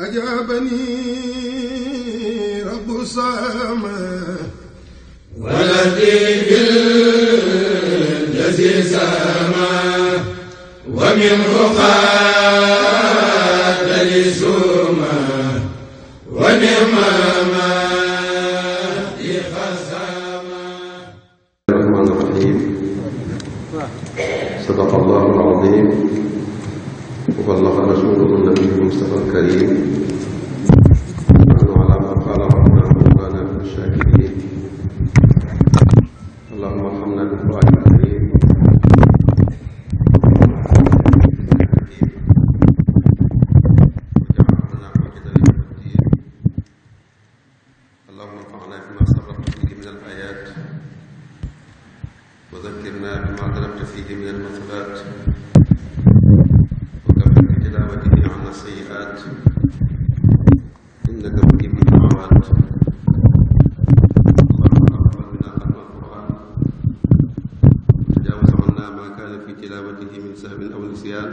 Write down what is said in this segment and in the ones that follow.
أجابني رب السماء ولدي بالذي سما ومنه قاد لي سما ونماما الرحمن الرحيم صدق الله العظيم وبلغ رسوله النبي المصطفى الكريم نحن على ما قال ربنا مولانا من الشاكرين اللهم ارحمنا بالقران الكريم اللهم انفعنا بما سبقت فيه من الايات وذكرنا بما تلقت فيه من المثلات تلاوته عن السيئات إنك مجيب الدعوات تلاوته من سهو أو نسيان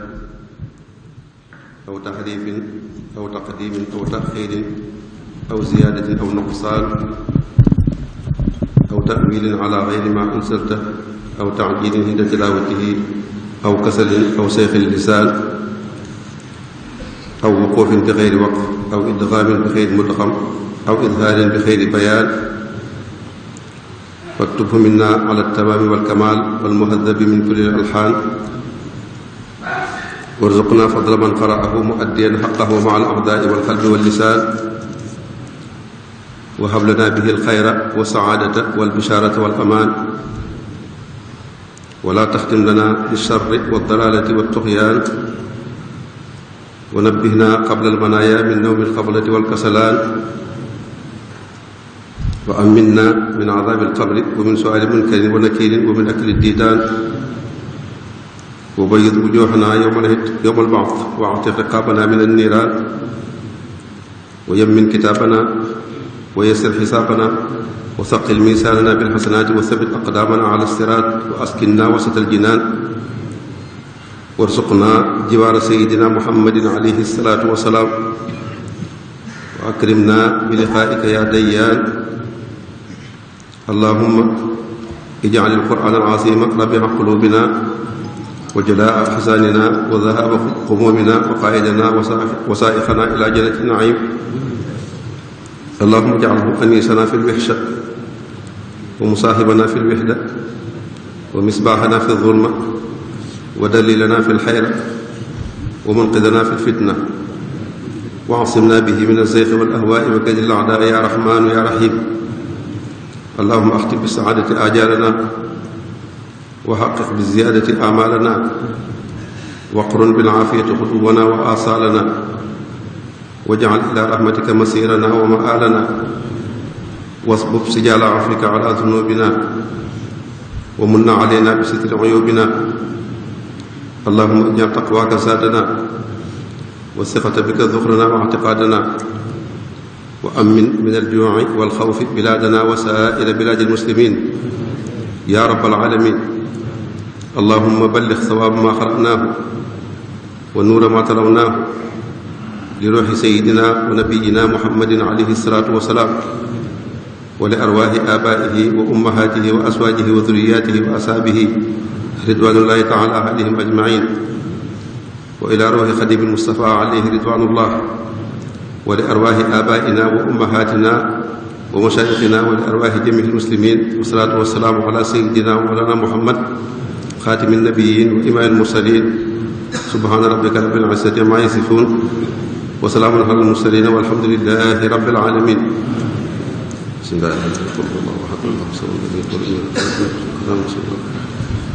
أو تحريف أو تقديم أو تأخير أو زيادة أو نقصان أو تأويل على غير ما أنزلته أو تعجيل عند تلاوته أو كسل أو سيف اللسان aw wuquufin bi xeyri waqf aw idgaamin bi xeyri mudgam aw idhaarin bi xeyri bayaan waktubhu minna ala tamaami wal kamaal wal muhaddabi min kulli alxaan warzuqna fadla man qara'ahu muaddiyan xaqahu maa al a'daa'i wal qalbi wal lisaan wa hab lana bihi al xayra wa saadata wal bishaarata wal amaan wala taxtim lana bi sharri wa dalalati wa tuxyaan wa nabbihna qabla almanaaya min nawmi alxablati walkasalaan wa aminna min adaabi alqabri wa min suaali munkarin wa nakirin wa min akli diidaan wa bayid wujuuhanaa yowma albaxth wa atiq riqaabanaa min anniiraan wa yammin kitaabanaa wa yassir xisaabanaa wa saqil miisaananaa bilxasanaati wa sabit aqdaamanaa ala siraat wa askinna wasata aljinaan warsuqnaa jiwaara sayidina muhammadin alayhi salaatu wasalaam wa akrimna bi liqaaika yaa dayyaan allahumma ijcal alquran alazima rabia qulubina wa jalaa axsaanina wa dahaba xumuumina wa qaaidana wasaa'ixana ila jannati naim allahumma ijcalhu aniisana fi lwixsha wa musaaxibana fi lwixda wa misbaaxana fi zulma wa dalilana fi lxayra wa munqidana fi lfitna wa asimna bihi min alzeyqi walahwaai wa kaydi laadaa ya raxmaanu ya raxiim allahuma axtim bi saadati ajalanaa wa xaqiq bi ziyaadati amaalanaa waqrun bilcaafiyati xutubanaa wa aasaalanaa wajcal ilaa raxmatika masiiranaa wa maaalanaa wasbub sijaala afrika ala zunubina wa munna aleyna bi sitri uyubina allahuma ijal taqwaaka saadana wa sixata bika zuxrana wa ictiqaadana wa amin min aljuuci walxawfi bilaadana wa saaira bilaadi almuslimin ya rab alaalamin allahuma ballix sawaaba maa xaranaahu wa nuura maa tarawnaahu li ruuxi sayidina wa nabiyina muhammadin alayhi salaatu wa salaam wa li arwaahi aabaa'ihi wa ummahaatihi wa aswaajihi wa durriyaatihi wa asaabihi ridwanullahi taala alayhim ajmain wa ila ruuxi xadimi lmustafa alayhi ridwanullah wa li arwaaxi abaina wa ummahatina wa mashaayixina wa li arwaaxi jamihi lmuslimin wasalaatu wasalaamu ala sayidina wa mawlana muhammad xaatimi nabiyin wa imaami lmursalin subhaana rabbika rabbil izzati ammaa yasifuun wa salaamun alal mursaliin walhamdulillaahi rabbil aalamiin بسم الله الرحمن الرحيم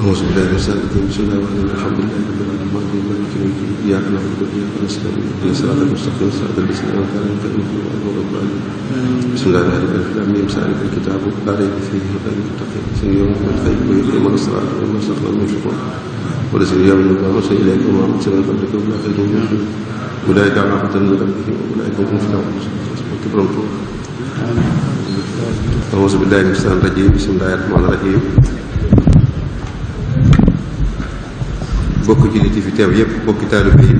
أعوذ بالله من الشيطان الرجيم بسم الله الرحمن الرحيم الحمد لله رب العالمين مالك يوم الدين إياك نعبد وإياك نستعين اهدنا الصراط المستقيم صراط الذين أنعمت عليهم غير المغضوب عليهم بسم الله الرحمن الرحيم سألك الكتاب لا ريب فيه غير المتقين سن يوم الخير ويقيم الصلاة ومما استقام يشركون والذين يؤمنون بما أرسل إليك وما أرسل من قبلك أولئك هم المفلحون أولئك على هدى من ربهم وأولئك هم المفلحون كبرهم أعوذ بالله من الشيطان الرجيم بسم الله الرحمن الرحيم bokk jullit yi fi teew yépp bokki taalibe yi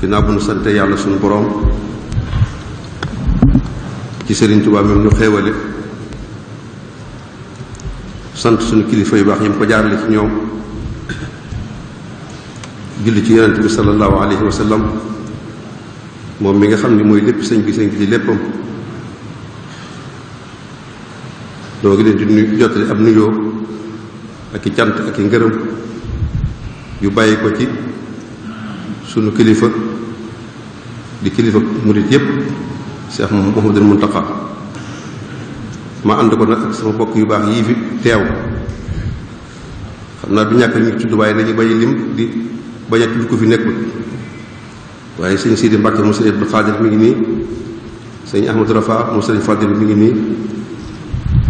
ginnaaw bu nu sante yàlla suñu boroom ci sëriñ Tuubaa mi ñu xéewale sant suñu kilifa yu baax yi mu ko jaarale ci ñoom julli ci yonent bi sallallahu alayhi wa moom mi nga xam ni mooy lépp sëñ bi sëñ bi di léppam doo ngi leen di nuyu jottali ab nuyoo ak i cant ak i ngërëm yu bàyyi ko ci sunu kilifa di kilifa murit yépp Seex Muhammadul Muntaqa ma ànd ko nag ak sama bokk yu baax yii fi teew xam naa du ñàkk ñu tudd waaye nañu bañ lim di bañ tudd ko fi nekkul waaye sëñ Sidi Mbàkke mu sëñ Abdou Xaadir mi ngi nii sëñ Ahmadou Rafa mu sëñ Fadil mi ngi nii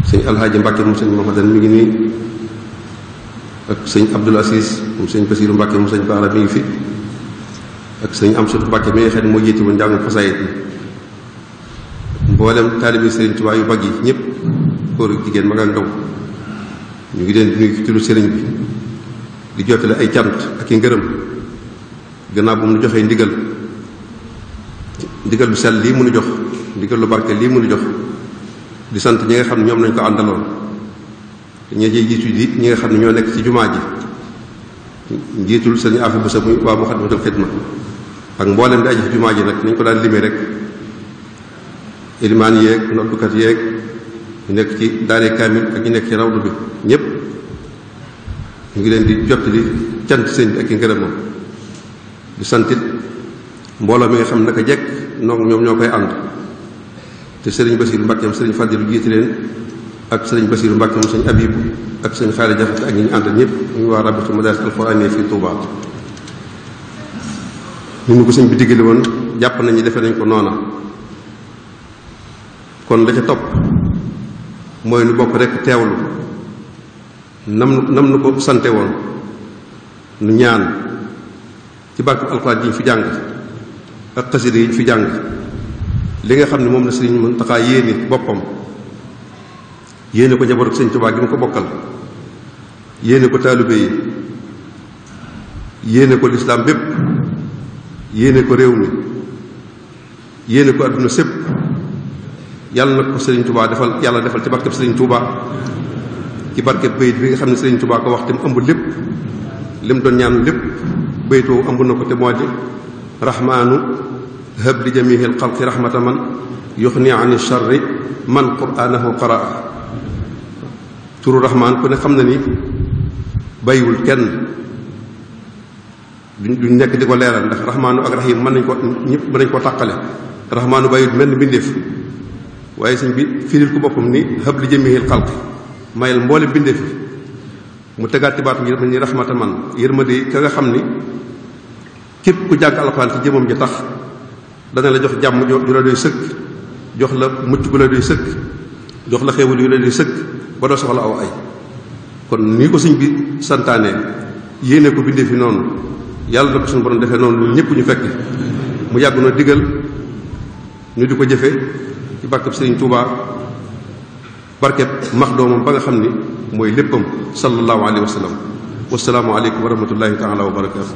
sëñ Alxaaji Mbàkke mu sëñ Muhammadan mi ngi nii ak sëñ Abdul Asis moom sëñ Basiiru Mbàkke moom sëñ Baara mi ngi fi ak sëñ Amsatu Mbàkke mi nga xam moo jiite woon njàngu xasaayit mi mboolem taalibi sëriñ Tuubaa yu mag yi ñëpp góor ak jigéen mag ak ñu ngi leen di nuyu ci turu sëriñ bi di ay cant ak i ngërëm gannaaw bu mu nu joxee ndigal ndigal lu sell lii mënu jox ndigal lu barke lii mënu jox di sant ñi nga xam ñoom lañ ko àndaloon ña ci jiitu ji ñi nga xam ne ñoo nekk ci jumaa ji njiitul sëñ afi bu sa muy waa Muxaddamatul Xidma ak mboolem di aji ci jumaa ji nag nañ ko daan limee rek ilmaan yeeg noddukat yeeg nekk ci daare kaamil nekk ci rawdu bi ñëpp ñu ngi leen di jottali cant sëñ bi ak i ngërëmam di santit mbooloo mi nga xam naka jekk noog ñoom ñoo koy ànd te sëriñ Basiru Mbàkke am sëriñ Fàdilu jiite leen ak sëriñ Basiiru Mbàkke moom sëriñ Abibu ak sëriñ fa Jaxate ak ñi ñu àndal ñëpp ñu waa rabita madaaris alxuraani fii Tuubaa ñu nu ko sëñ bi diggale woon jàpp nañu defee nañ ko noona kon la ca topp mooy nu bokk rekk teewlu nam nam nu ko sante woon nu ñaan ci barkeb alxuraan ji fi jàng ak xasida yi fi jàng li nga xam ne moom la sëriñ Muntaxaa yéene boppam yéene ko njabootu sëñ Tuubaa gi mu ko bokkal yéene ko taalibe yi yéene ko lislaam bépp yéene ko réew mi yéene ko adduna sépp yàlla na ko sëriñ Tuubaa defal yàlla defal ci barkeb sëriñ Tuubaa ci barkeb bayit bi nga xam ne sëriñ Tuubaa ko wax te mu ëmb lépp lim doon ñaan lépp bayit woowu ëmb na ko te moo di rahmaanu hab li jamihi l xalqi rahmata man yuxni an charri man qur'aanahu qaraa turu raxmaan ku ne xam na ni bàyyiwul kenn duñ duñ nekk di ko leeral ndax raxmaanu ak raxiim mën nañ koo ñëpp mën nañ koo tàqale raxmaanu bàyyiwul mel ni bindeef waaye suñ bi firil ko boppam ni xab li jëmihil xalq mayel mboole bindeef mu tegaat baat baatu yërma ni raxmata man yërma di ka nga xam ni képp ku jàng alxuraan ji tax dana la jox jàmm ju la doy sëkk jox la mucc gu la doy sëkk jox la xéewal yu la doy sëkk ba doo soxla aw ay kon nii ko sëñ bi santaane yéene ko bindee fi noonu yàlla na ko suñu borom defee noonu ñëpp ñu fekk mu yàgg na digal ñu di ko jëfe ci barkeb sëriñ Tuubaa barkeb max doomam ba nga xam ni mooy léppam sallallahu alayhi wa sallam wasalaamu aleykum wa rahmatullahi taala wa barakatu